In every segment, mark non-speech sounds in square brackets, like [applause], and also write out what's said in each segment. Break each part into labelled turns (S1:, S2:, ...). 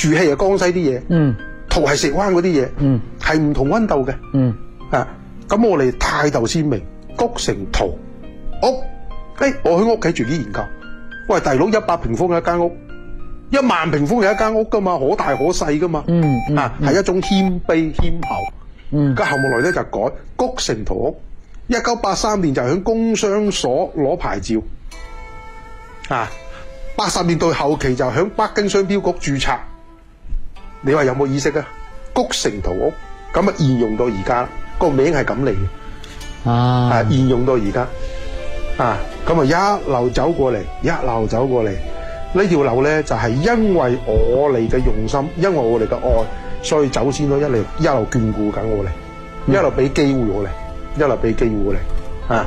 S1: 住氣係江西啲嘢，陶係石灣嗰啲嘢，係唔同溫度嘅。啊，咁我哋態度鮮明，谷城陶屋。誒，我喺屋企住啲研究。喂，大佬，一百平方嘅一間屋，一萬平方嘅一間屋噶嘛，可大可細噶嘛。啊，係一種謙卑謙厚。咁後來咧就改谷城陶屋。一九八三年就喺工商所攞牌照。啊，八十年代後期就喺北京商標局注冊。你話有冇意識啊？谷城桃屋，咁啊沿用到而家，個名係咁嚟嘅，啊沿用到而家，啊咁啊一路走過嚟，一路走過嚟，呢條路咧就係因為我哋嘅用心，因為我哋嘅愛，所以走先咗，一路一路眷顧緊我哋，一路俾機會我哋，一路俾機會
S2: 我哋，啊。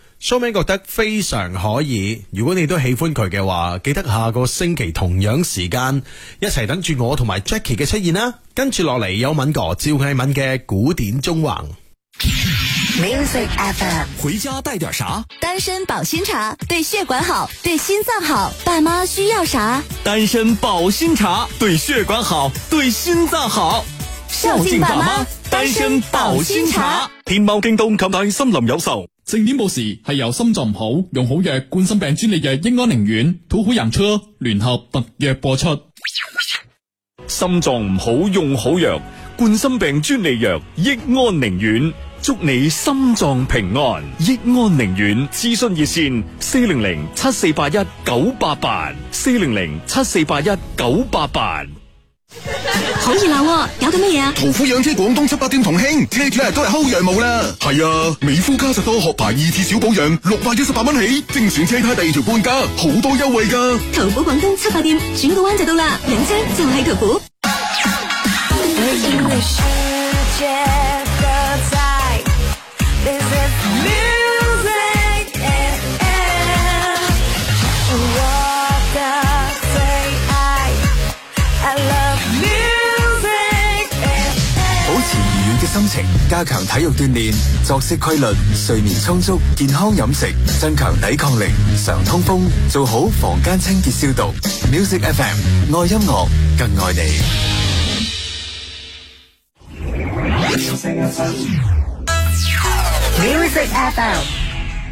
S1: 蘇明覺得非常可以，如果你都喜歡佢嘅話，記得下個星期同樣時間一齊等住我同埋 Jackie 嘅出現啦。跟住落嚟有敏哥趙藝敏嘅古典縱橫
S3: Music FM，
S1: 回家帶點啥？
S3: 單身保心茶對血管好，對心臟好。爸媽需要啥？
S1: 單身保心茶對血管好，對心臟好，
S4: 孝敬爸媽。單身保心茶，茶，天貓、京東、感嘆森林有售。正點報時係由心臟唔好用好藥冠心病專利藥益安寧丸，土虎人車聯合特約播出。心臟唔好用好藥
S1: 冠心病專利藥益安寧丸，祝你心臟平安。益安寧丸，諮詢熱線：四零零七四八一九八八，四零零七四八一九八八。
S3: 好熱鬧！哦，搞緊乜
S1: 嘢啊？途虎養車廣東七八店同慶，車主日都係薅羊毛啦。係啊，美孚嘉實多殼牌二次小保養，六百一十八蚊起，精選車胎第二條半價，好多優惠噶。途虎
S3: 廣東七八店轉個彎就到啦，養車就係途虎。 [music]
S1: 心情，加強體育鍛煉，作息規律，睡眠充足，健康飲食，增強抵抗力，常通風，做好房間清潔消毒。Music FM，愛音樂更愛你。小聲一聲。
S5: Music FM。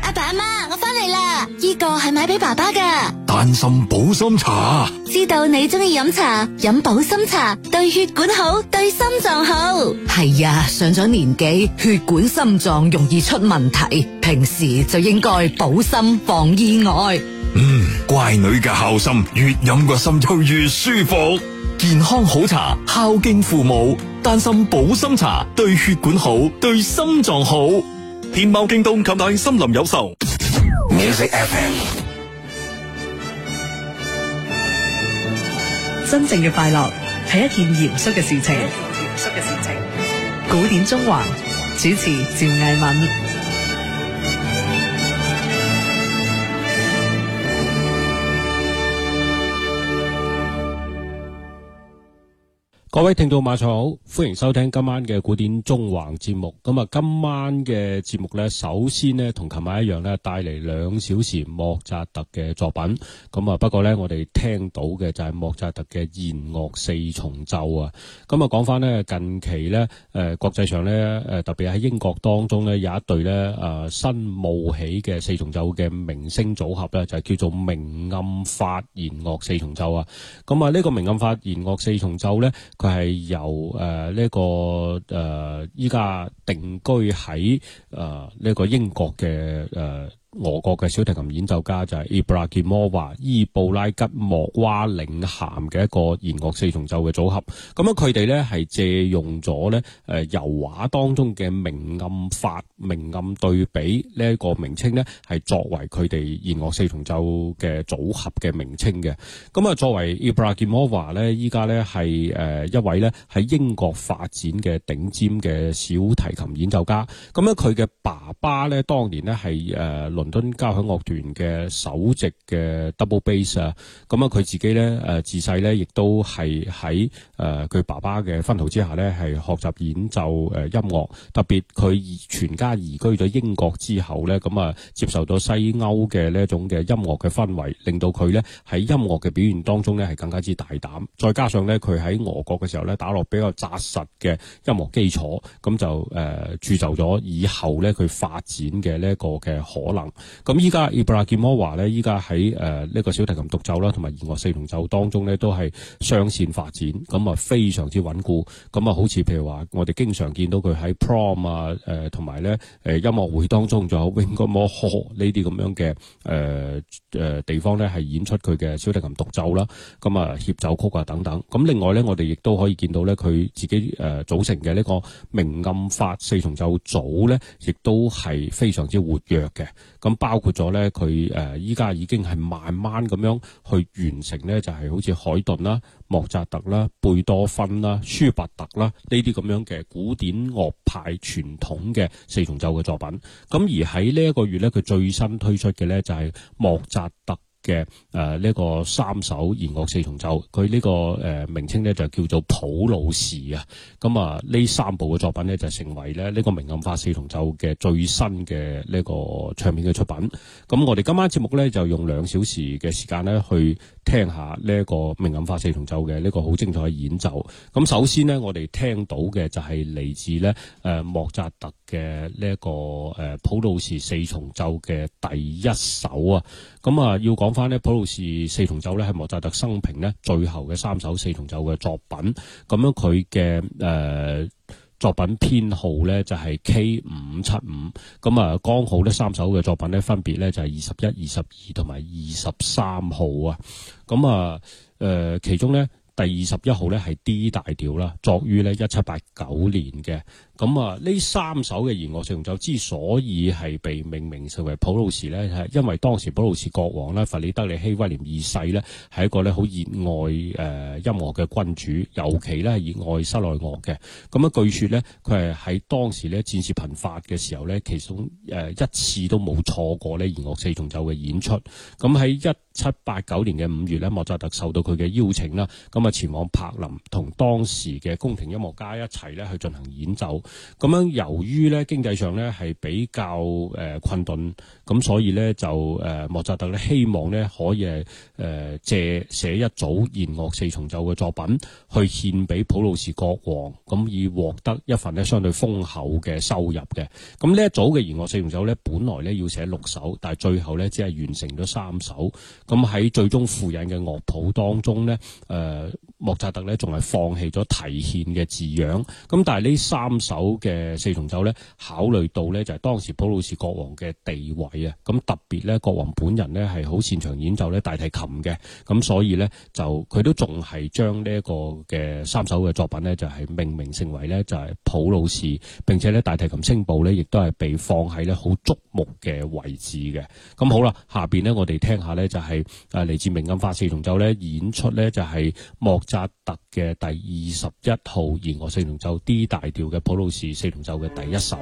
S3: 阿爸阿媽，媽，我翻嚟啦！依、這個係買俾爸爸噶，
S1: 丹心補心
S5: 茶。
S3: 知道你中意飲茶，飲補心茶對血管好，對心臟
S5: 好。係啊，上咗年紀，血管心臟容易出問題，平時就應該補心防意外。
S1: 嗯，乖女嘅孝心，越飲個心就越舒服。健康好茶，孝敬父母，丹心補心茶對血管好，對心臟好。天貓、京東及大森林有售。Music FM，
S5: 真正嘅快樂係一件嚴肅嘅事情。嚴肅嘅事情。古典縱橫主持：趙藝敏。
S6: 各位聽眾，晚上好，歡迎收聽今晚嘅古典縱橫節目。咁啊，今晚嘅節目呢，首先呢同琴晚一樣呢帶嚟兩小時莫扎特嘅作品。咁啊，不過呢，我哋聽到嘅就係莫扎特嘅弦樂四重奏啊。咁啊，講翻近期呢誒，國際上呢誒，特別喺英國當中有一對誒，新冒起嘅四重奏嘅明星組合呢就係叫做明暗法弦樂四重奏啊。咁啊，呢個明暗法弦樂四重奏呢佢係由誒呢呃這個誒而家定居喺誒呢個英國嘅誒。呃俄國嘅小提琴演奏家就係伊布拉吉莫娃伊布拉吉莫娃領銜嘅一個弦樂四重奏嘅組合，咁佢哋咧係借用咗咧誒油畫當中嘅明暗法、明暗對比呢一、這個名稱咧係作為佢哋弦樂四重奏嘅組合嘅名稱嘅，咁啊作為伊布拉吉莫娃咧依家咧係誒一位咧喺英國發展嘅頂尖嘅小提琴演奏家，咁佢嘅爸爸咧當年呢係誒。倫敦交響樂團嘅首席嘅 double bass 啊，咁啊佢自己咧、呃、自細咧亦都係喺誒佢爸爸嘅薰陶之下咧，係學習演奏音樂。特別佢全家移居咗英國之後咧，咁、嗯、啊接受咗西歐嘅呢一種嘅音樂嘅氛圍，令到佢咧喺音樂嘅表現當中咧係更加之大膽。再加上咧佢喺俄國嘅時候咧打落比較紮實嘅音樂基礎，咁就誒鑄、呃、就咗以後咧佢發展嘅呢一個嘅可能。咁依家 Ibragimova 咧，依家喺誒呢個小提琴獨奏啦，同埋弦樂四重奏當中咧，都係雙線發展，咁啊非常之穩固。咁啊，好似譬如話我哋經常見到佢喺 Prom 啊，誒同埋咧誒音樂會當中，仲有 Wigmore Hall 呢啲咁樣嘅誒誒地方咧，係演出佢嘅小提琴獨奏啦，咁啊協奏曲啊等等。咁另外咧，我哋亦都可以見到咧，佢自己誒組成嘅呢個明暗法四重奏組咧，亦都係非常之活躍嘅。咁包括咗咧，佢誒依家已經係慢慢咁樣去完成咧，就係好似海頓啦、莫扎特啦、貝多芬啦、舒伯特啦呢啲咁樣嘅古典樂派傳統嘅四重奏嘅作品。咁而喺呢一個月咧，佢最新推出嘅咧就係莫扎特。嘅、呃、誒，呢、這個三首弦樂四重奏，佢呢、這個誒、呃、名稱咧就叫做普魯士啊。咁啊，呢三部嘅作品咧就成為咧呢、這個明暗法四重奏嘅最新嘅呢、這個唱片嘅出品。咁、啊、我哋今晚節目咧就用兩小時嘅時間咧去聽一下呢一個明暗法四重奏嘅呢個好精彩嘅演奏。咁、啊、首先咧，我哋聽到嘅就係嚟自咧誒、呃、莫扎特嘅呢一個誒、呃、普魯士四重奏嘅第一首啊。咁啊，要講翻呢，普魯士四重奏呢係莫扎特生平呢最後嘅三首四重奏嘅作品。咁樣佢嘅誒作品編號呢就係 K 五七五。咁啊，剛好呢三首嘅作品呢分別呢就係二十一、二十二同埋二十三號啊。咁啊，誒，其中呢，第二十一號呢係 D 大調啦，作於呢一七八九年嘅。咁啊，呢三首嘅弦樂四重奏之所以係被命名成為普魯士咧，係因為當時普魯士國王咧，弗里德里希威廉二世咧，係一個咧好熱愛誒音樂嘅君主，尤其咧係熱愛室內樂嘅。咁啊，據說咧，佢係喺當時咧戰事頻發嘅時候咧，其中誒一次都冇錯過咧弦樂四重奏嘅演出。咁喺一七八九年嘅五月咧，莫扎特受到佢嘅邀請啦，咁啊前往柏林同當時嘅宮廷音樂家一齊咧去進行演奏。咁樣由於咧經濟上咧係比較誒、呃、困頓，咁所以咧就誒、呃、莫扎特咧希望咧可以誒、呃、借寫一組弦樂四重奏嘅作品去獻俾普魯士國王，咁以獲得一份咧相對豐厚嘅收入嘅。咁呢一組嘅弦樂四重奏咧本來咧要寫六首，但係最後咧只係完成咗三首。咁喺最終附印嘅樂譜當中咧，誒、呃、莫扎特咧仲係放棄咗提獻嘅字樣。咁但係呢三首。嘅四重奏咧，考慮到咧就係當時普魯士國王嘅地位啊，咁特別咧國王本人咧係好擅長演奏咧大提琴嘅，咁所以咧就佢都仲係將呢一個嘅三首嘅作品咧就係命名成為咧就係普魯士，並且咧大提琴聲部咧亦都係被放喺咧好矚目嘅位置嘅。咁好啦，下邊咧我哋聽下咧就係啊嚟自明暗法四重奏咧演出咧就係莫扎特嘅第二十一號弦樂四重奏 D 大調嘅普魯。是四重奏嘅第一首。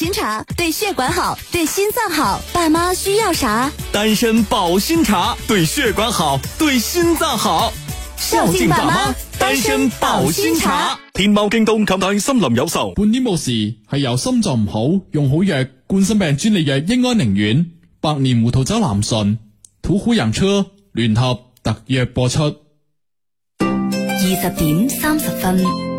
S3: 心茶對血管好，對心臟好。爸媽需要啥？
S1: 單身保
S4: 心茶對血管好，對心臟好。孝敬爸媽，單身保心茶。天貓、京東、琴台、森林有售。半年冇事係由心臟唔好，用好藥，冠心病專利藥英安寧丸，百年胡桃酒、南順、途虎養車聯合特約播出。二十點
S3: 三十分。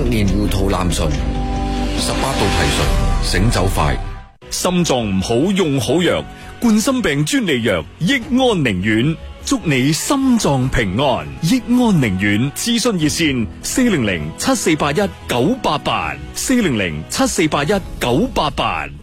S1: 百年糊塗難睡，十八度提神醒酒快。心臟唔好用好藥，冠心病專利藥益安寧丸，祝你心臟平安。益安寧丸，咨詢熱線四零零七四八一九八八，四零零七四八一九八八。 [noise]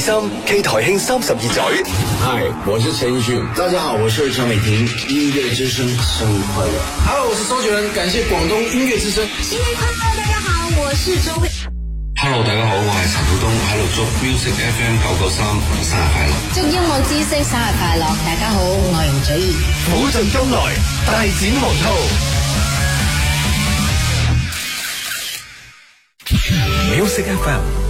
S1: 三 K 台慶三十二歲，Hi，我是陳奕迅。大家好，我是陳美婷音樂之聲，生日快樂。
S3: Hello，我是周杰倫。感謝廣東音樂之聲，新
S1: 年快樂。大家好，我是周杰。Hello，大家好，我係陳曉東，喺度祝 Music FM 九九三生日。
S3: 祝音樂之聲生日快樂，大家好，我愛無嘴，
S1: 普聚東來，大展宏圖。Music FM。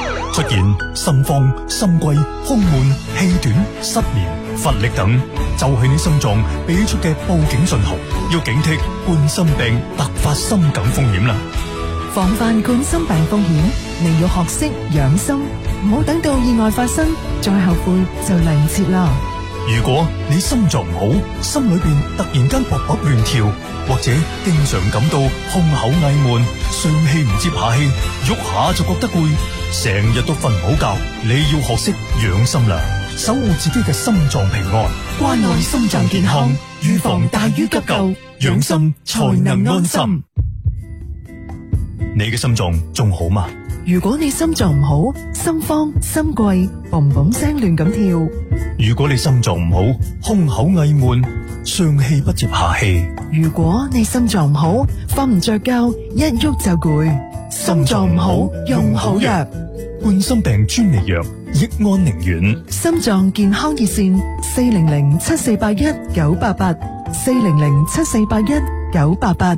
S1: 出現心慌、心悸、胸悶、氣短、失眠、乏力等，就係、是、你心臟俾出嘅報警信號，要警惕冠心病突發心梗風險啦。
S7: 防範冠心病風險，你要學識養心，唔好等到意外發生再後悔就嚟唔切啦。
S1: 如果你心臟唔好，心裏邊突然間搏搏亂跳，或者經常感到胸口翳悶、上氣唔接下氣，喐下就覺得攰，成日都瞓唔好覺，你要學識養心啦，守護自己嘅心臟平安，關愛心臟健康，預防大於急救，養心才能安心。你嘅心臟仲好嗎？
S7: 如果你心臟唔好，心慌心悸，嘣嘣聲亂咁跳；如果你心
S1: 臟唔好，胸口翳悶，上氣不接下氣；
S7: 如果你心臟唔好，瞓唔着覺，一喐就攰。心臟唔好用好藥，冠心病專利藥益安寧丸。心臟健康熱線：四零零七四八一九八八，四零零七四八一九八八。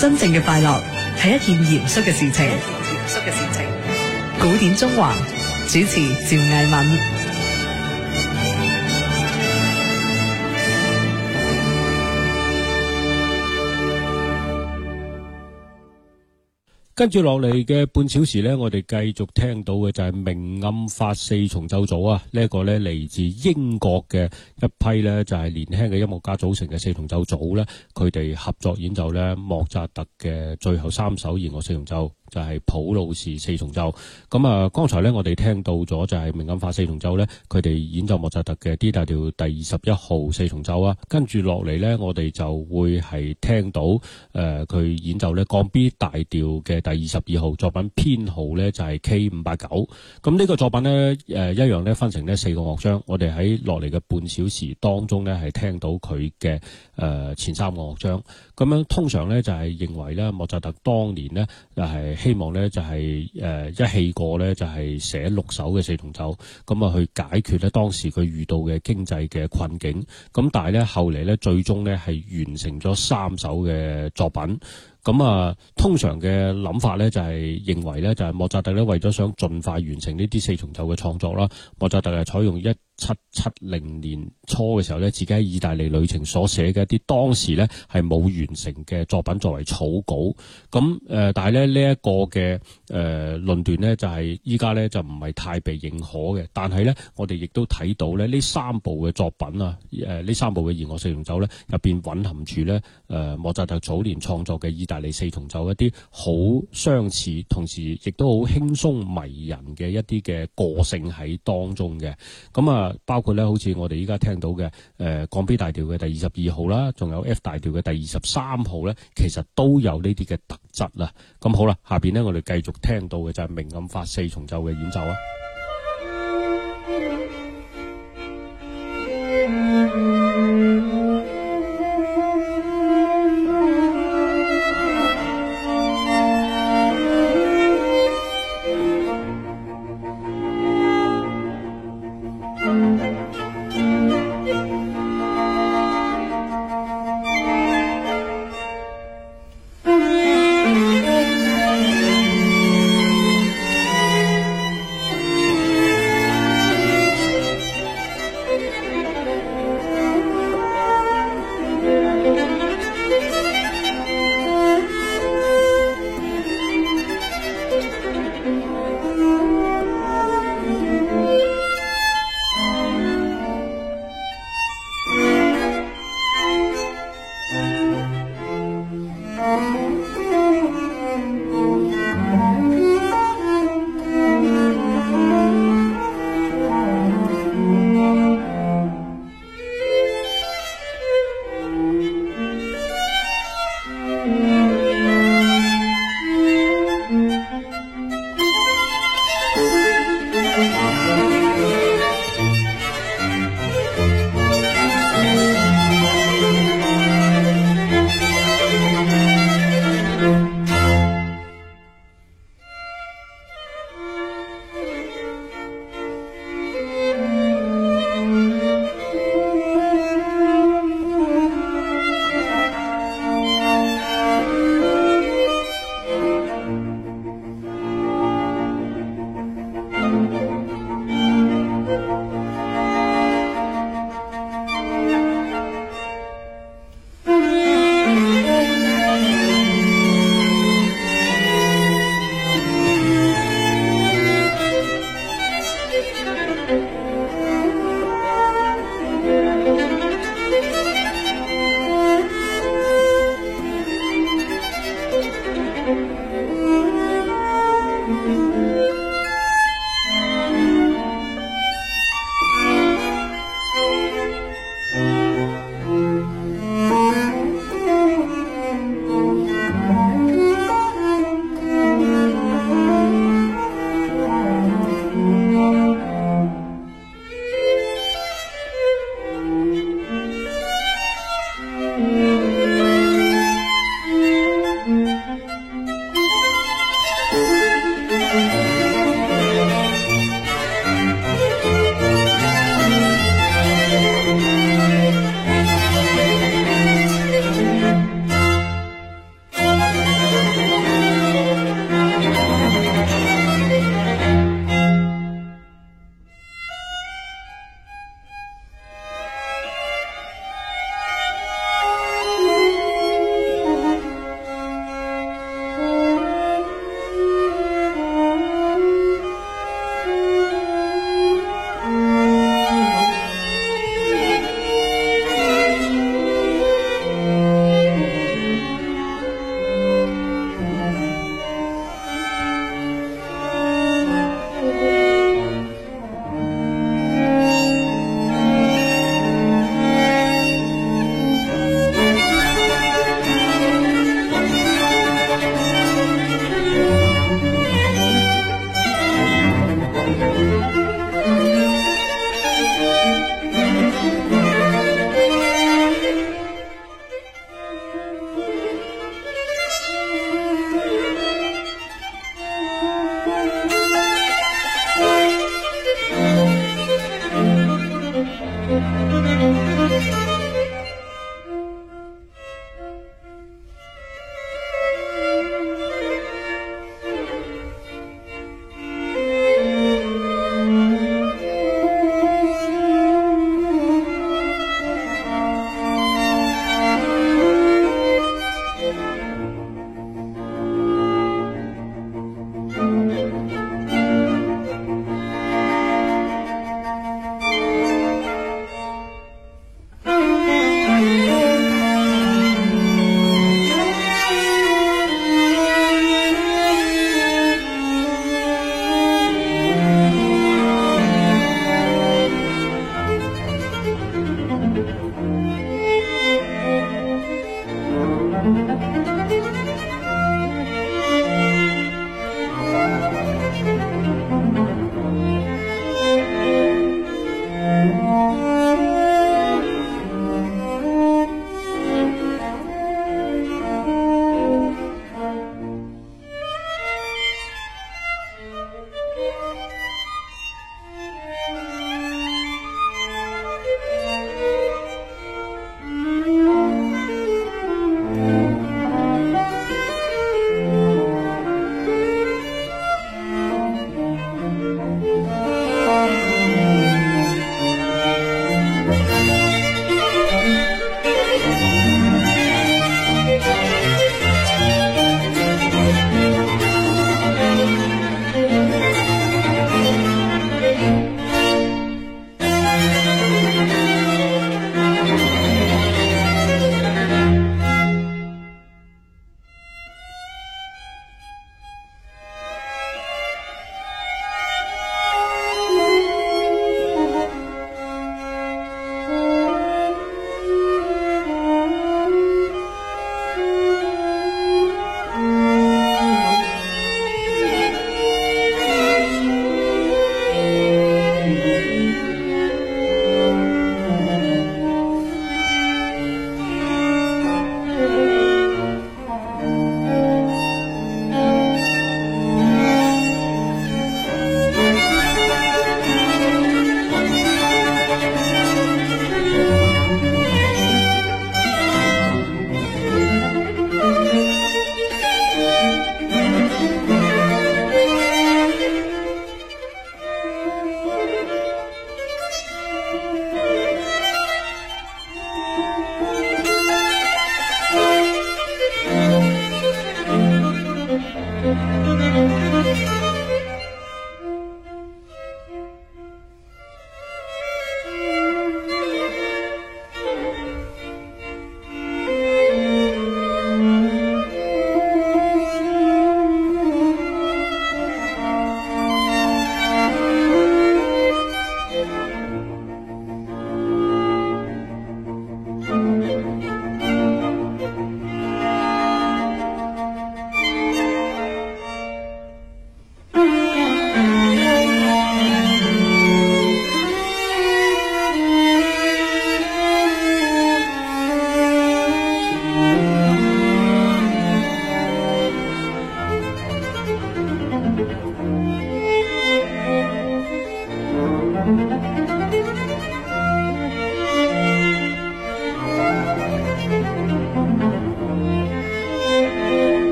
S5: 真正嘅快樂係一件嚴肅嘅事情，一件嚴肅嘅事情。古典縱橫主持趙艾敏。
S6: 跟住落嚟嘅半小時呢，我哋繼續聽到嘅就係明暗法四重奏組啊，呢、這個呢，嚟自英國嘅一批呢，就係、是、年輕嘅音樂家組成嘅四重奏組呢，佢哋合作演奏呢莫扎特嘅最後三首弦樂四重奏。就係、是、普魯士四重奏咁啊！剛才咧，我哋聽到咗就係名金發四重奏咧，佢哋演奏莫扎特嘅 D 大調第二十一號四重奏啊！跟住落嚟咧，我哋就會係聽到誒佢、呃、演奏咧降 B 大調嘅第二十二號作品編號咧就係 K 五八九。咁、嗯、呢、這個作品咧誒、呃、一樣咧分成呢四個樂章。我哋喺落嚟嘅半小時當中咧係聽到佢嘅誒前三個樂章。咁樣通常咧就係認為咧莫扎特當年呢，就係、是。希望咧就係誒一氣過咧就係寫六首嘅四重奏，咁啊去解決咧當時佢遇到嘅經濟嘅困境。咁但係咧後嚟咧最終咧係完成咗三首嘅作品。咁啊通常嘅諗法咧就係認為咧就係莫扎特咧為咗想盡快完成呢啲四重奏嘅創作啦，莫扎特係採用一七七零年初嘅時候呢，自己喺意大利旅程所寫嘅一啲當時呢係冇完成嘅作品作為草稿。咁誒、呃，但係咧呢一、這個嘅誒、呃、論斷呢，就係依家呢就唔係太被認可嘅。但係呢，我哋亦都睇到咧呢這三部嘅作品啊，誒、呃、呢三部嘅《弦樂四重奏》呢，入邊蘊含住呢誒莫、呃、扎特早年創作嘅《意大利四重奏》一啲好相似，同時亦都好輕鬆迷人嘅一啲嘅個性喺當中嘅。咁、嗯、啊～、呃包括咧，好似我哋依家聽到嘅，誒降 B 大調嘅第二十二號啦，仲有 F 大調嘅第二十三號咧，其實都有呢啲嘅特質啦。咁好啦，下邊咧我哋繼續聽到嘅就係明暗法四重奏嘅演奏啊。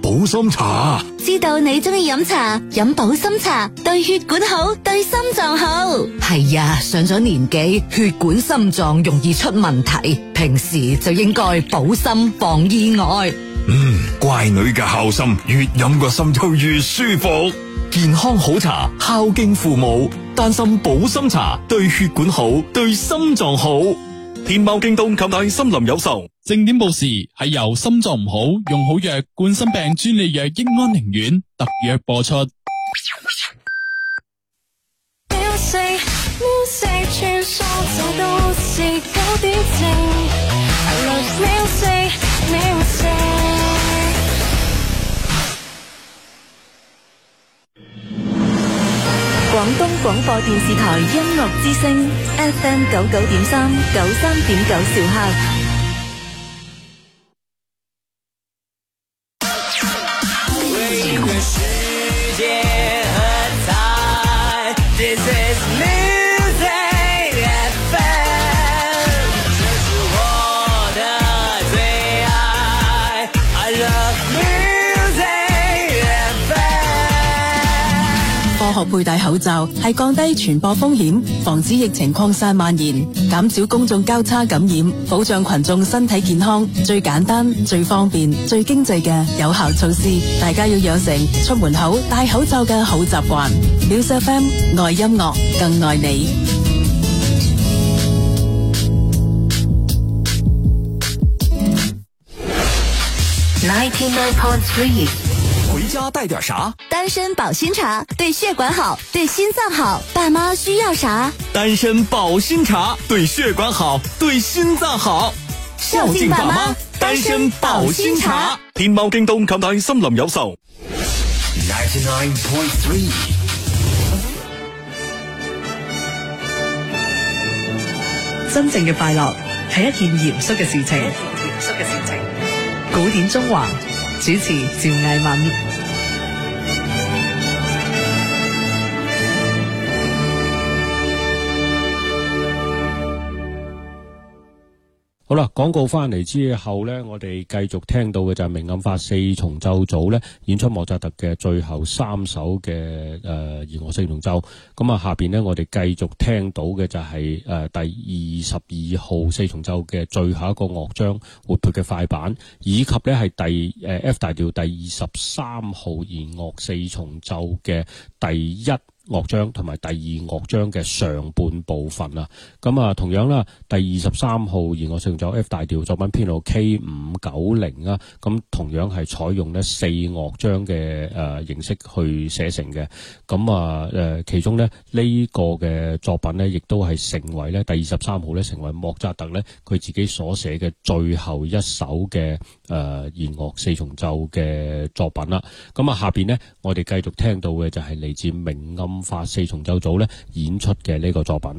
S1: 保心茶，
S3: 知道你中意飲茶，飲保心茶對
S5: 血管好，對心臟好。係呀，上咗年紀，血管心臟容易出問題，平時就應該保心防意外。
S1: 嗯，乖女嘅孝心，越飲個心就越舒服。健康好茶，孝敬父母，
S4: 丹心保心茶，對血管好，對心臟好。天貓、京東購買，森林有售。正點報時係由心臟唔好用好藥冠心病專利藥益安寧丸特約播出。
S3: 廣東廣播電視台音樂之聲 FM 九九點三九三點九兆赫。
S7: 學佩戴口罩係降低傳播風險、防止疫情擴散蔓延、減少公眾交叉感染、保障群眾身體健康最簡單、最方便、最經濟嘅有效措施。大家要養成出門口戴口罩嘅好習慣。Music FM 愛音樂更愛你。Ninety nine point three。Chicken.
S3: 回家帶點啥？丹參保心茶對血管好，對心臟好。爸媽需要啥？
S1: 丹參保心茶對血管好，
S4: 對心臟好。孝敬爸媽，丹參保心茶。天貓、京東、感大森林有售。
S5: 真正的快樂，是一件嚴肅的事情。嚴肅嘅事情。古典中華，主持趙毅敏
S6: 好啦，廣告翻嚟之後呢，我哋繼續聽到嘅就係明暗法四重奏組呢演出莫扎特嘅最後三首嘅誒、呃、弦樂四重奏。咁、嗯、啊下邊呢，我哋繼續聽到嘅就係、是、誒、呃、第二十二號四重奏嘅最後一個樂章活潑嘅快板，以及呢係第誒、呃、F 大調第二十三號弦樂四重奏嘅第一。樂章同埋第二樂章嘅上半部分啊，咁啊同樣啦，第二十三號弦樂四重奏 F 大調作品編號 K 五九零啊，咁同樣係採用咧四樂章嘅誒形式去寫成嘅，咁啊誒其中咧呢個嘅作品咧，亦都係成為咧第二十三號咧成為莫扎特咧佢自己所寫嘅最後一首嘅誒、呃、弦樂四重奏嘅作品啦，咁啊下邊咧我哋繼續聽到嘅就係嚟自明暗。五發四重奏組咧演出嘅呢個作品。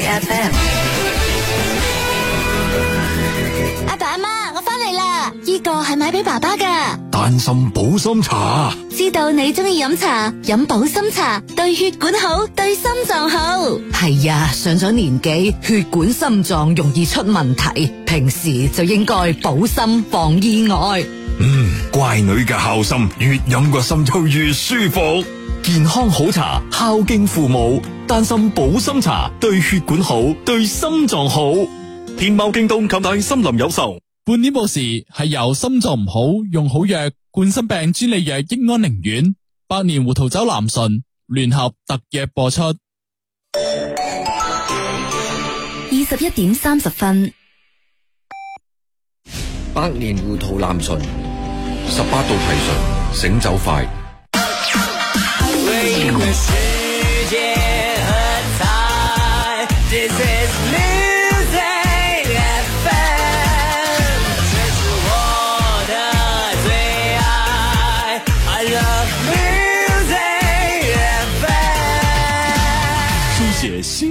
S3: 阿爸阿媽，我翻嚟啦！依個係買俾爸爸嘅，
S1: 丹心補心茶。
S3: 知道你中意飲茶，飲補心茶對血管好，對心臟好。
S5: 係呀，上咗年紀，血管心臟容易出問題，平時就應該補心防意外。
S1: 嗯，乖女嘅孝心，越飲個心就越舒服。
S5: 健康好茶，孝敬父母。擔心
S1: 補
S4: 心茶對血管好，對心臟好。天貓、京東購買森林有售。半點無事係由心臟唔好用好藥，冠心病專利藥益安寧丸，百年胡桃酒藍醇聯合特約播出。二
S3: 十一點三十分，
S1: 百年胡桃藍醇，十八度提醇，醒酒快。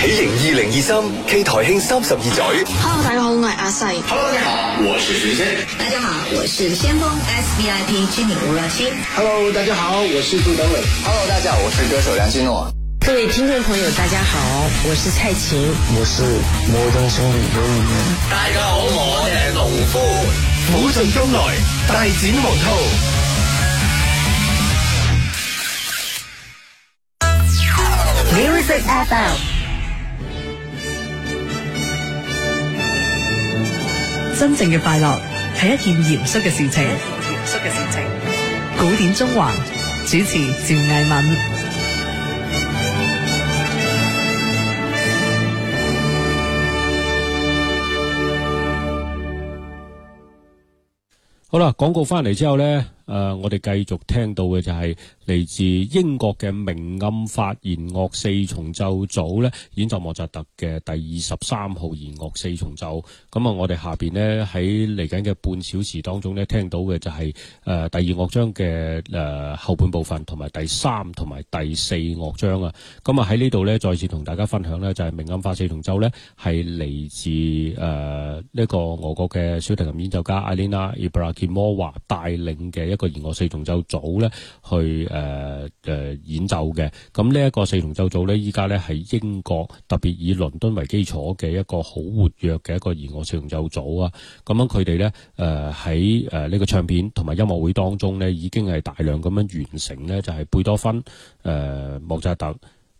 S1: 喜迎二零二三，K 台慶三十二載。
S7: Hello，大家好，我係阿細。Hello，大家好，我是
S3: 徐先。主持人大家好，我是先鋒 S V I P 經理
S1: 吳若曦。Hello，大家好，我是杜登偉。Hello，大家好，我是歌手梁基諾。
S7: 各位聽眾朋友，大家好，我是蔡琴。我是摩登兄弟劉宇寧。
S1: 大家好，我係農夫，武盡功來，大展宏圖。
S5: Music app 真正嘅快樂係一件嚴肅嘅事情。嚴肅嘅事情。古典縱橫主持趙藝敏。
S6: 好啦，廣告翻嚟之後呢。誒、呃，我哋繼續聽到嘅就係嚟自英國嘅明暗法弦樂四重奏組咧演奏莫扎特嘅第二十三號弦樂四重奏。咁、嗯、啊，我哋下邊咧喺嚟緊嘅半小時當中咧聽到嘅就係、是、誒、呃、第二樂章嘅誒、呃、後半部分，同埋第三同埋第四樂章啊。咁啊喺呢度咧再次同大家分享咧就係、是、明暗法四重奏咧係嚟自誒呢、呃這個俄國嘅小提琴演奏家阿蓮娜伊布拉傑摩娃帶領嘅一個個弦樂四重奏組咧，去誒誒演奏嘅。咁呢一個四重奏組咧，依家咧係英國特別以倫敦為基礎嘅一個好活躍嘅一個弦樂四重奏組啊。咁樣佢哋咧誒喺誒呢個唱片同埋音樂會當中咧，已經係大量咁樣完成咧，就係貝多芬、誒莫扎特、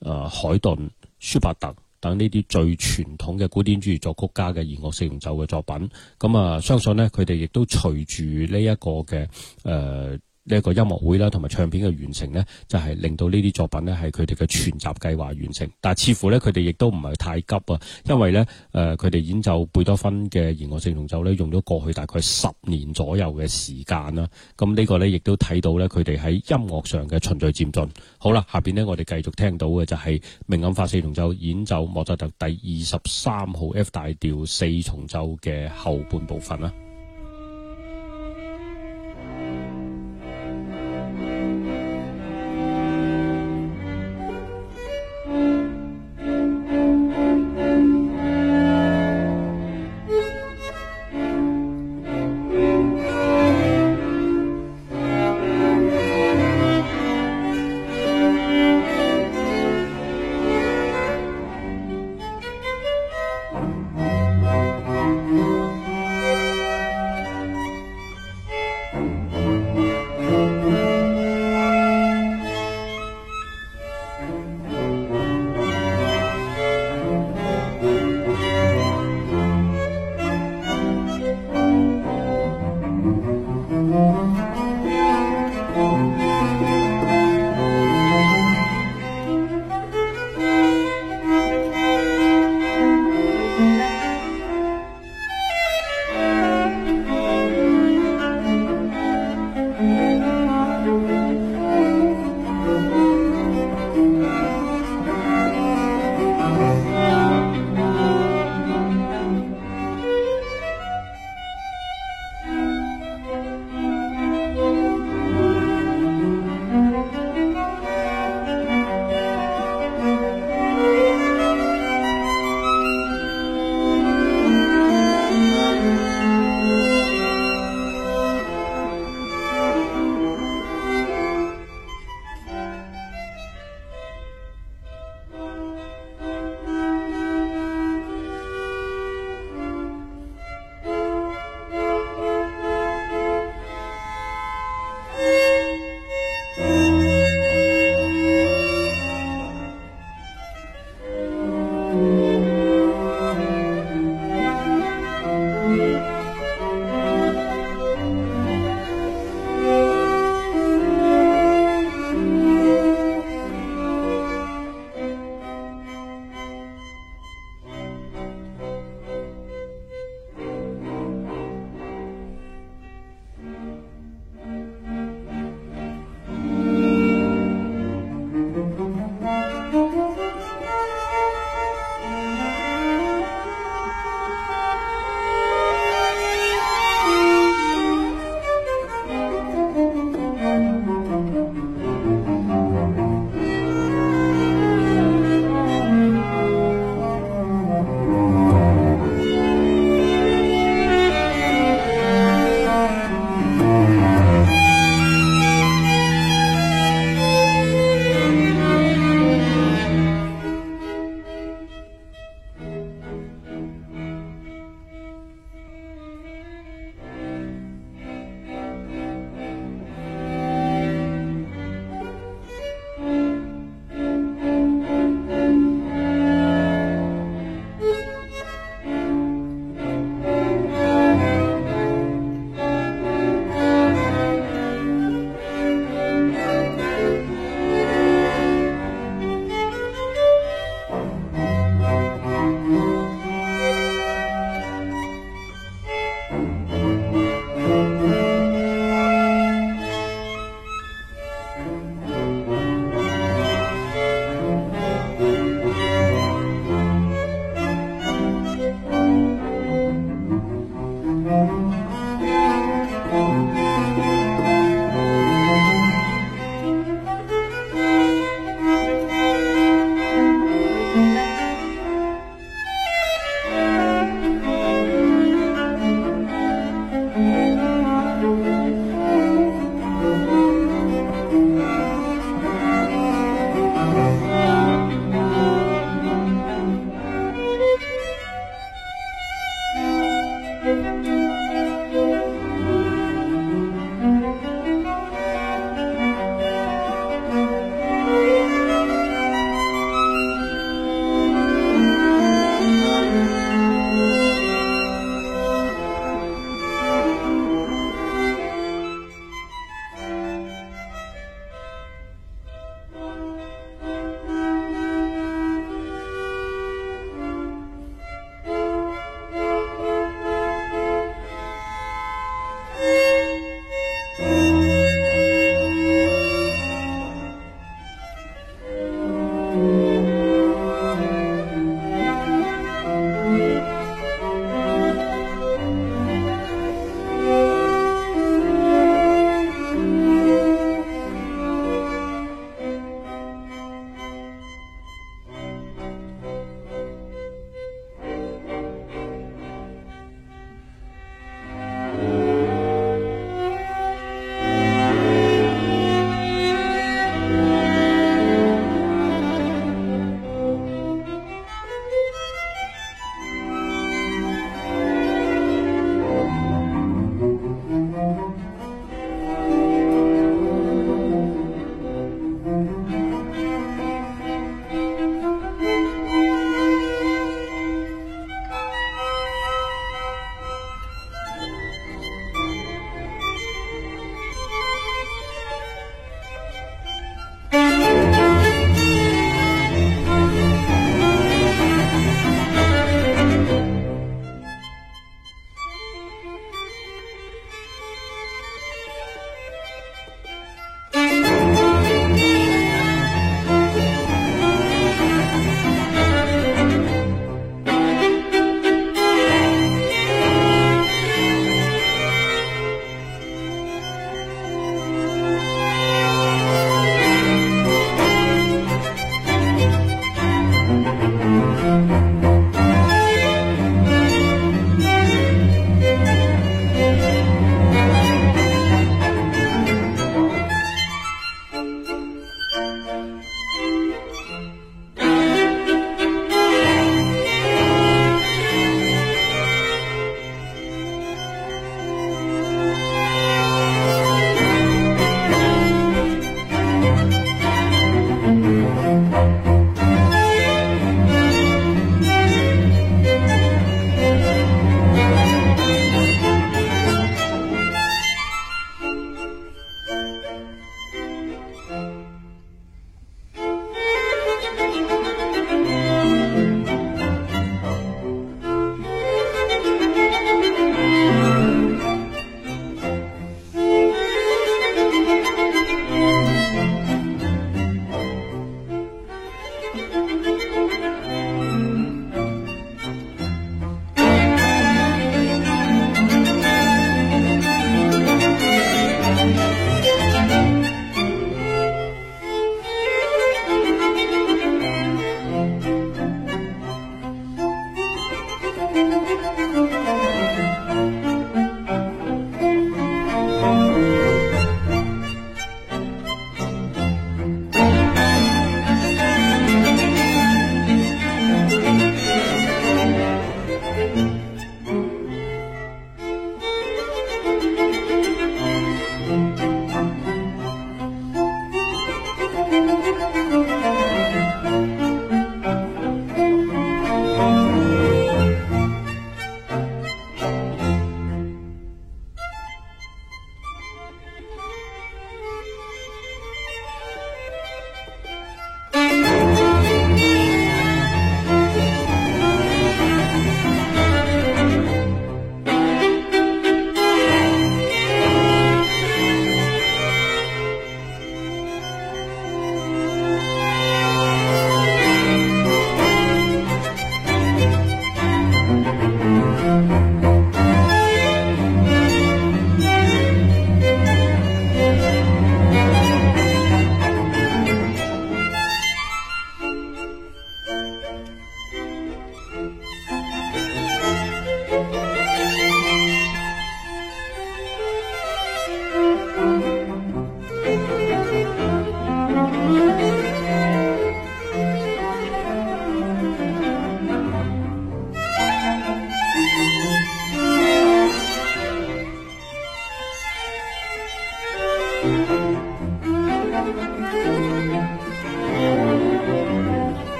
S6: 誒海頓、舒伯特。等呢啲最傳統嘅古典主義作曲家嘅弦樂四重奏嘅作品，咁啊，相信咧佢哋亦都隨住呢一個嘅誒。呃呢一個音樂會啦，同埋唱片嘅完成呢，就係令到呢啲作品呢，係佢哋嘅全集計劃完成。但係似乎呢，佢哋亦都唔係太急啊，因為呢，誒，佢哋演奏貝多芬嘅《弦樂四重奏》呢，用咗過去大概十年左右嘅時間啦。咁呢個呢，亦都睇到呢，佢哋喺音樂上嘅循序漸進。好啦，下邊呢，我哋繼續聽到嘅就係明暗法四重奏演奏莫扎特第二十三號 F 大調四重奏嘅後半部分啦。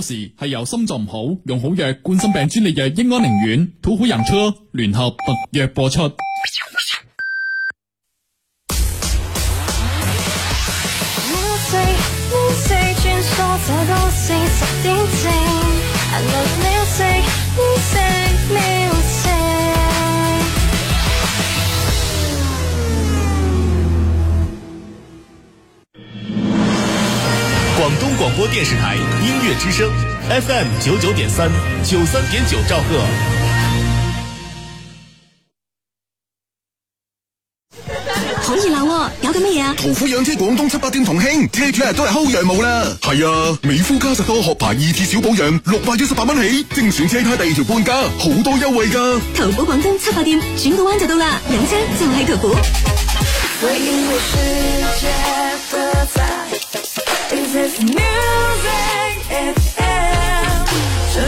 S4: 時係由心臟唔好用好藥，冠心病專利藥英安寧丸、土虎人車聯合特約播出。f 九九點三，九三點
S1: 九兆赫。
S3: 好熱鬧
S1: 哦！有咁咩嘢啊？途虎養車廣東七八店同慶，車主啊都係薅羊毛啦！係 [music] 啊，美孚加實多殼牌二 T 小保養，六百一十八蚊起，精選車胎第二
S3: 條半價，好多優惠噶！途虎廣東七八店轉個彎就到啦，養車就係途虎。 [music]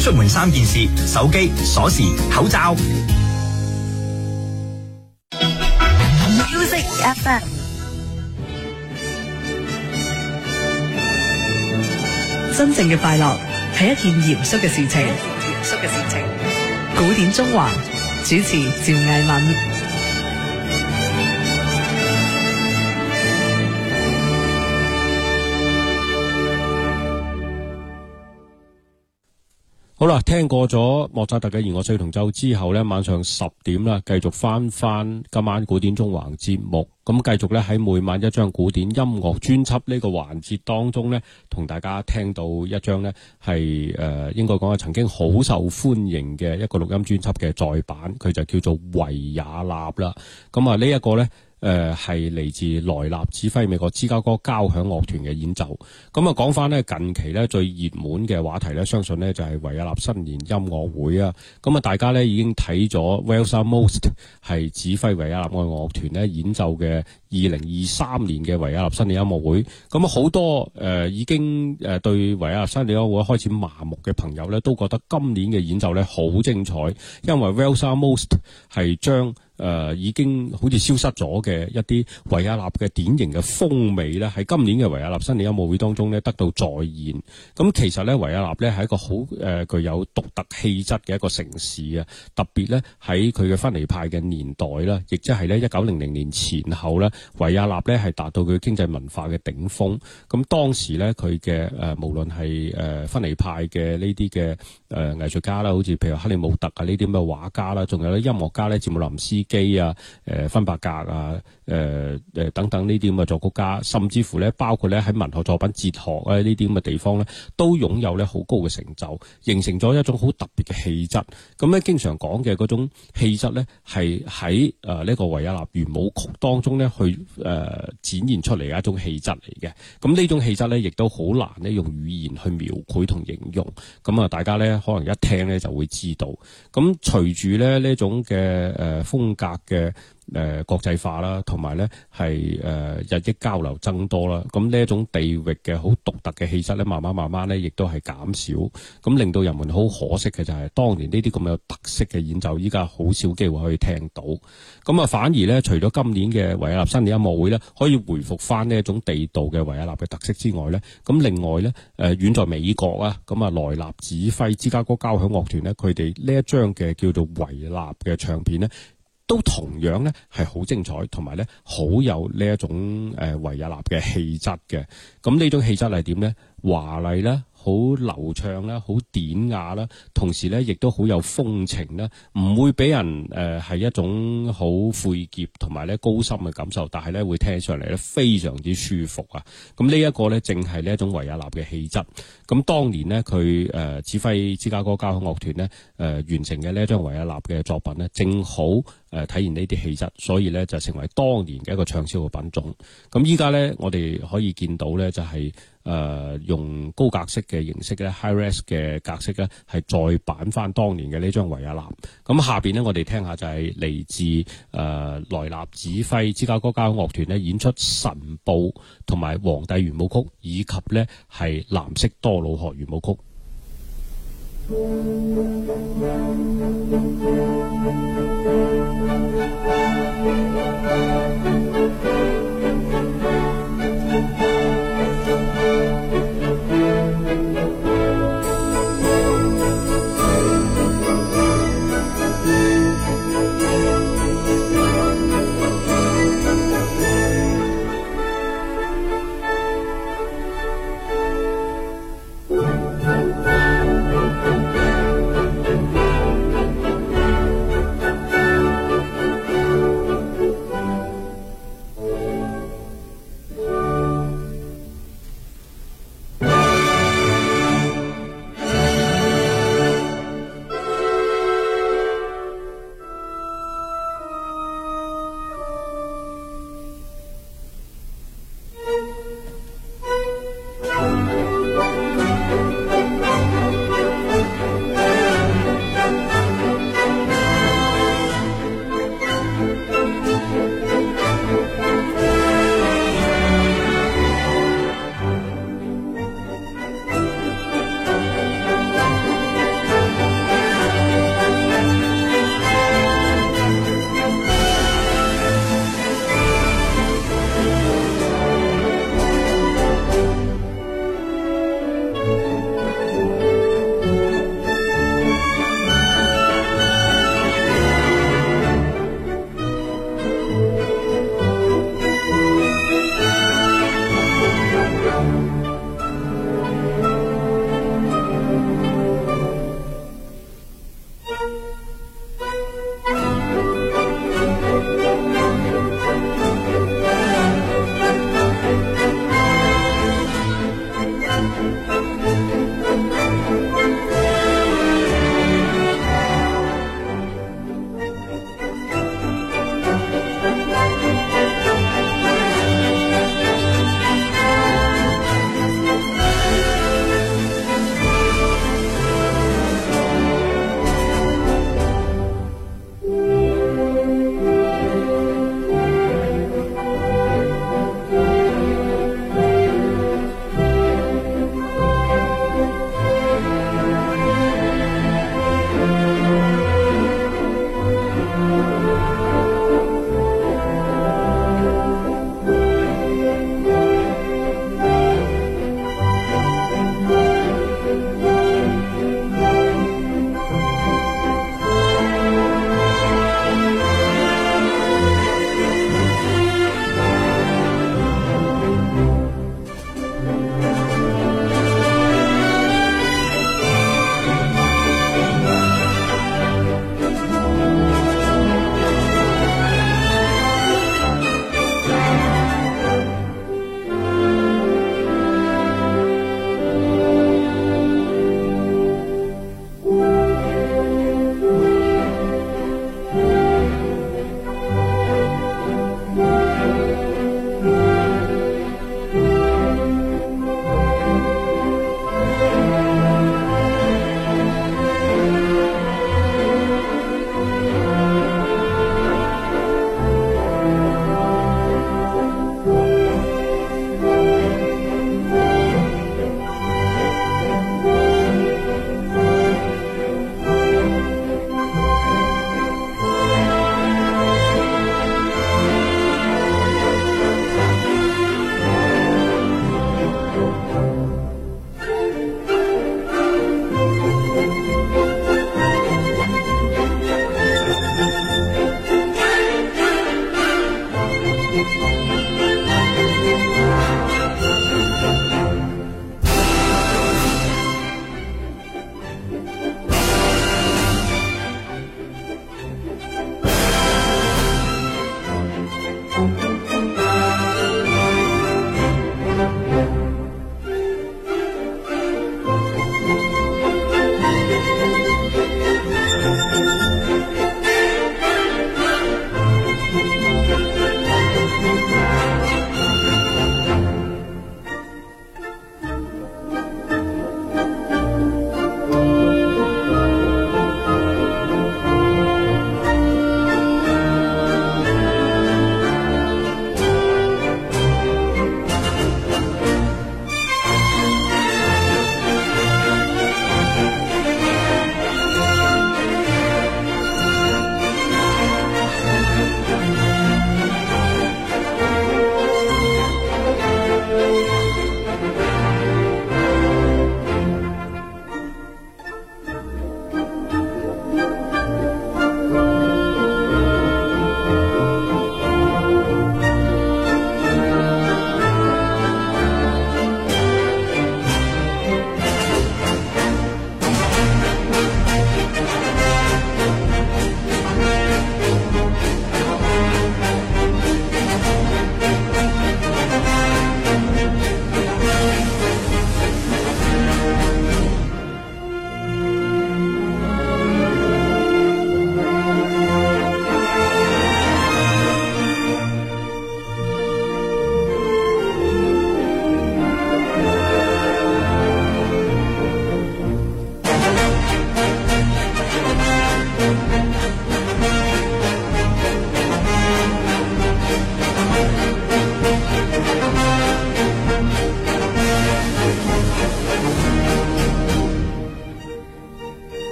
S1: 出門三件事：手機、鎖匙、口罩。
S7: Music
S5: FM。真正嘅快樂係一件嚴肅嘅事情。嚴肅嘅事情。古典縱橫主持趙藝敏。
S6: 好啦，聽過咗莫扎特嘅《弦樂四重奏》之後呢，晚上十點啦，繼續翻翻今晚古典縱橫節目，咁繼續咧喺每晚一張古典音樂專輯呢個環節當中呢，同大家聽到一張呢係誒，應該講係曾經好受歡迎嘅一個錄音專輯嘅再版，佢就叫做維也納啦。咁啊，呢一個呢誒係嚟自萊納指揮美國芝加哥交響樂團嘅演奏。咁啊，講翻近期最熱門嘅話題呢，相信呢就係維也納新年音樂會啊。咁啊，大家呢已經睇咗 Welsam Most 係指揮維也納愛樂團演奏嘅二零二三年嘅維也納新年音樂會。咁好多誒已經誒對維也納新年音樂會開始麻木嘅朋友呢都覺得今年嘅演奏好精彩，因為 Welsam Most 係將誒、呃、已經好似消失咗嘅一啲維也納嘅典型嘅風味咧，喺今年嘅維也納新年音樂會當中咧得到再現。咁、嗯、其實咧維也納咧係一個好誒、呃、具有獨特氣質嘅一個城市啊！特別咧喺佢嘅分離派嘅年代啦，亦即係咧一九零零年前後咧，維也納咧係達到佢經濟文化嘅頂峰。咁、嗯、當時咧佢嘅誒無論係誒、呃、分離派嘅呢啲嘅誒藝術家啦，好似譬如克里姆特啊呢啲咁嘅畫家啦，仲有咧音樂家咧，柴姆林斯機啊，誒分伯格啊，誒、啊、誒等等呢啲咁嘅作曲家，甚至乎咧包括咧喺文學作品、哲學啊呢啲咁嘅地方咧，都擁有咧好高嘅成就，形成咗一種好特別嘅氣質，咁咧經常講嘅嗰種氣質咧，係喺誒呢個維也納圓舞曲當中咧去誒、呃、展現出嚟嘅一種氣質嚟嘅。咁呢種氣質咧，亦都好難咧用語言去描繪同形容。咁啊，大家咧可能一聽咧就會知道。咁隨住咧呢種嘅誒風。格嘅誒、呃、國際化啦，同埋咧係誒日益交流增多啦。咁呢一種地域嘅好獨特嘅氣質咧，慢慢慢慢咧亦都係減少。咁令到人們好可惜嘅就係、是，當年呢啲咁有特色嘅演奏，依家好少機會可以聽到。咁啊，反而咧，除咗今年嘅維也納新年音樂會咧，可以回復翻呢一種地道嘅維也納嘅特色之外咧，咁另外咧誒、呃，遠在美國啊，咁啊，萊納指揮芝加哥交響樂團咧，佢哋呢一張嘅叫做維也納嘅唱片咧。都同樣咧係好精彩，同埋咧好有呢有一種誒、呃、維也納嘅氣質嘅。咁呢種氣質係點咧？華麗啦。好流暢啦，好典雅啦，同時咧亦都好有風情啦，唔會俾人誒係、呃、一種好晦澀同埋咧高深嘅感受，但係咧會聽起上嚟咧非常之舒服啊！咁呢一個咧正係呢一種維也納嘅氣質。咁當年呢，佢誒、呃、指揮芝加哥交響樂團咧誒、呃、完成嘅咧一張維也納嘅作品咧，正好誒體現呢啲氣質，所以咧就成為當年嘅一個暢銷嘅品種。咁依家咧我哋可以見到咧就係、是。誒、呃、用高格式嘅形式嘅 high res 嘅格式咧，係再版翻當年嘅呢張維也納。咁下邊呢，我哋聽下就係嚟自誒萊納指揮芝加哥交響樂團咧演出《晨報》同埋《皇帝圓舞曲》，以及呢係藍色多瑙河圓舞曲。嗯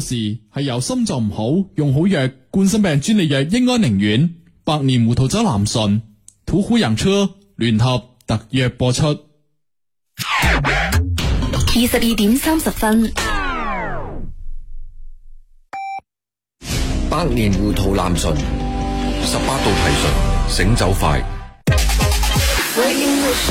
S4: 時，係由心就唔好用好藥，冠心病專利藥益安寧丸，百年糊塗酒南醇，土虎人車聯合特約播出，二
S3: 十二點三十分，
S1: 百年糊塗南醇，十八度提純，醒酒
S6: 快。所以
S2: 是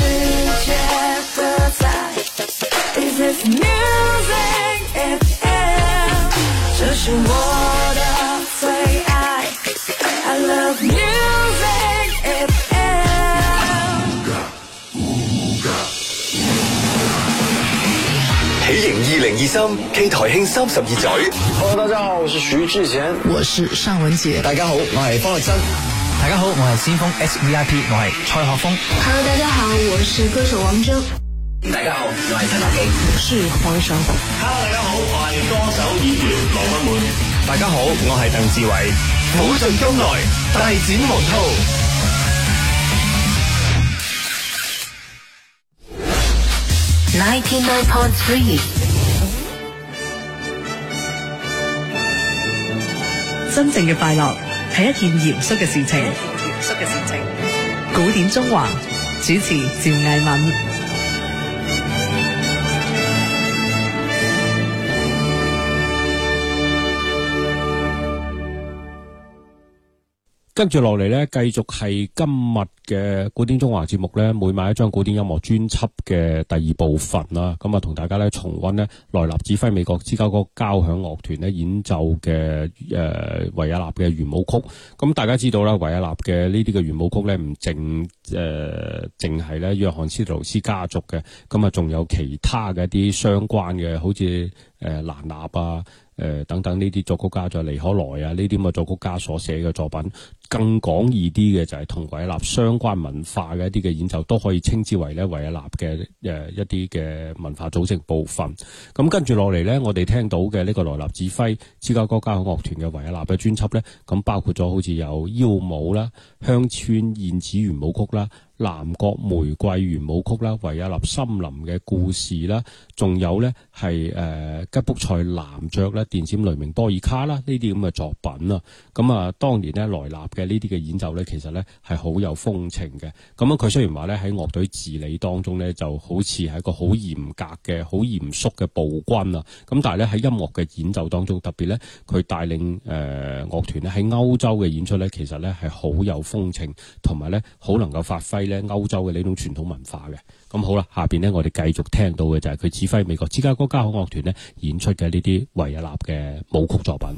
S2: 是我的最愛 I love music，
S1: 喜迎二零二三，K 台興三十二載。Hello，大家好，我是徐智杰，我是尚文杰。大家好，我係方力申。大家好，我係先鋒 SVIP，我係蔡學峰。
S3: Hello，大家好，我是歌手王錚。教嚟得力，書哈、嗯嗯！Hello，
S4: 大家好，
S1: 我係歌手演員羅貫滿。大家好，我係鄧志偉。普駿東來大展宏圖。n i n e
S7: t e
S5: e n point three，真正嘅快樂係一件嚴肅嘅事情。嚴肅嘅事情。古典中華主持趙藝敏。
S6: 跟住落嚟呢，繼續係今日嘅古典縱橫節目呢，每晚一張古典音樂專輯嘅第二部分啦。咁啊，同、嗯、大家呢重溫呢，萊納指揮美國芝加哥交響樂團咧演奏嘅誒維也納嘅圓舞曲。咁、嗯、大家知道啦，維也納嘅呢啲嘅圓舞曲呢，唔淨誒淨係咧約翰斯特勞斯家族嘅，咁啊仲有其他嘅一啲相關嘅，好似誒蘭納啊。誒、呃、等等呢啲作曲家，就尼可萊啊，呢啲咁嘅作曲家所寫嘅作品，更廣義啲嘅就係同維也納相關文化嘅一啲嘅演奏，都可以稱之為咧維也納嘅、呃、一啲嘅文化組織部分。咁、嗯、跟住落嚟呢，我哋聽到嘅呢個萊納指揮芝加哥交響樂團嘅維也納嘅專輯呢，咁包括咗好似有腰舞啦、鄉村燕子圓舞曲啦、南國玫瑰圓舞曲啦、維也納森林嘅故事啦。仲有呢，係誒吉卜賽男爵咧、電閃雷鳴、波爾卡啦，呢啲咁嘅作品啊。咁啊，當年呢，萊納嘅呢啲嘅演奏呢，其實呢，係好有風情嘅。咁樣佢雖然話呢，喺樂隊治理當中呢，就好似係一個好嚴格嘅、好嚴肅嘅暴君啊。咁但係呢，喺音樂嘅演奏當中，特別呢，佢帶領誒樂團咧喺歐洲嘅演出呢，其實呢，係好有風情，同埋呢，好能夠發揮呢，歐洲嘅呢種傳統文化嘅。咁好啦，下邊呢，我哋繼續聽到嘅就係佢。指揮美國芝加哥交響樂團咧演出嘅呢啲維也納嘅舞曲作品。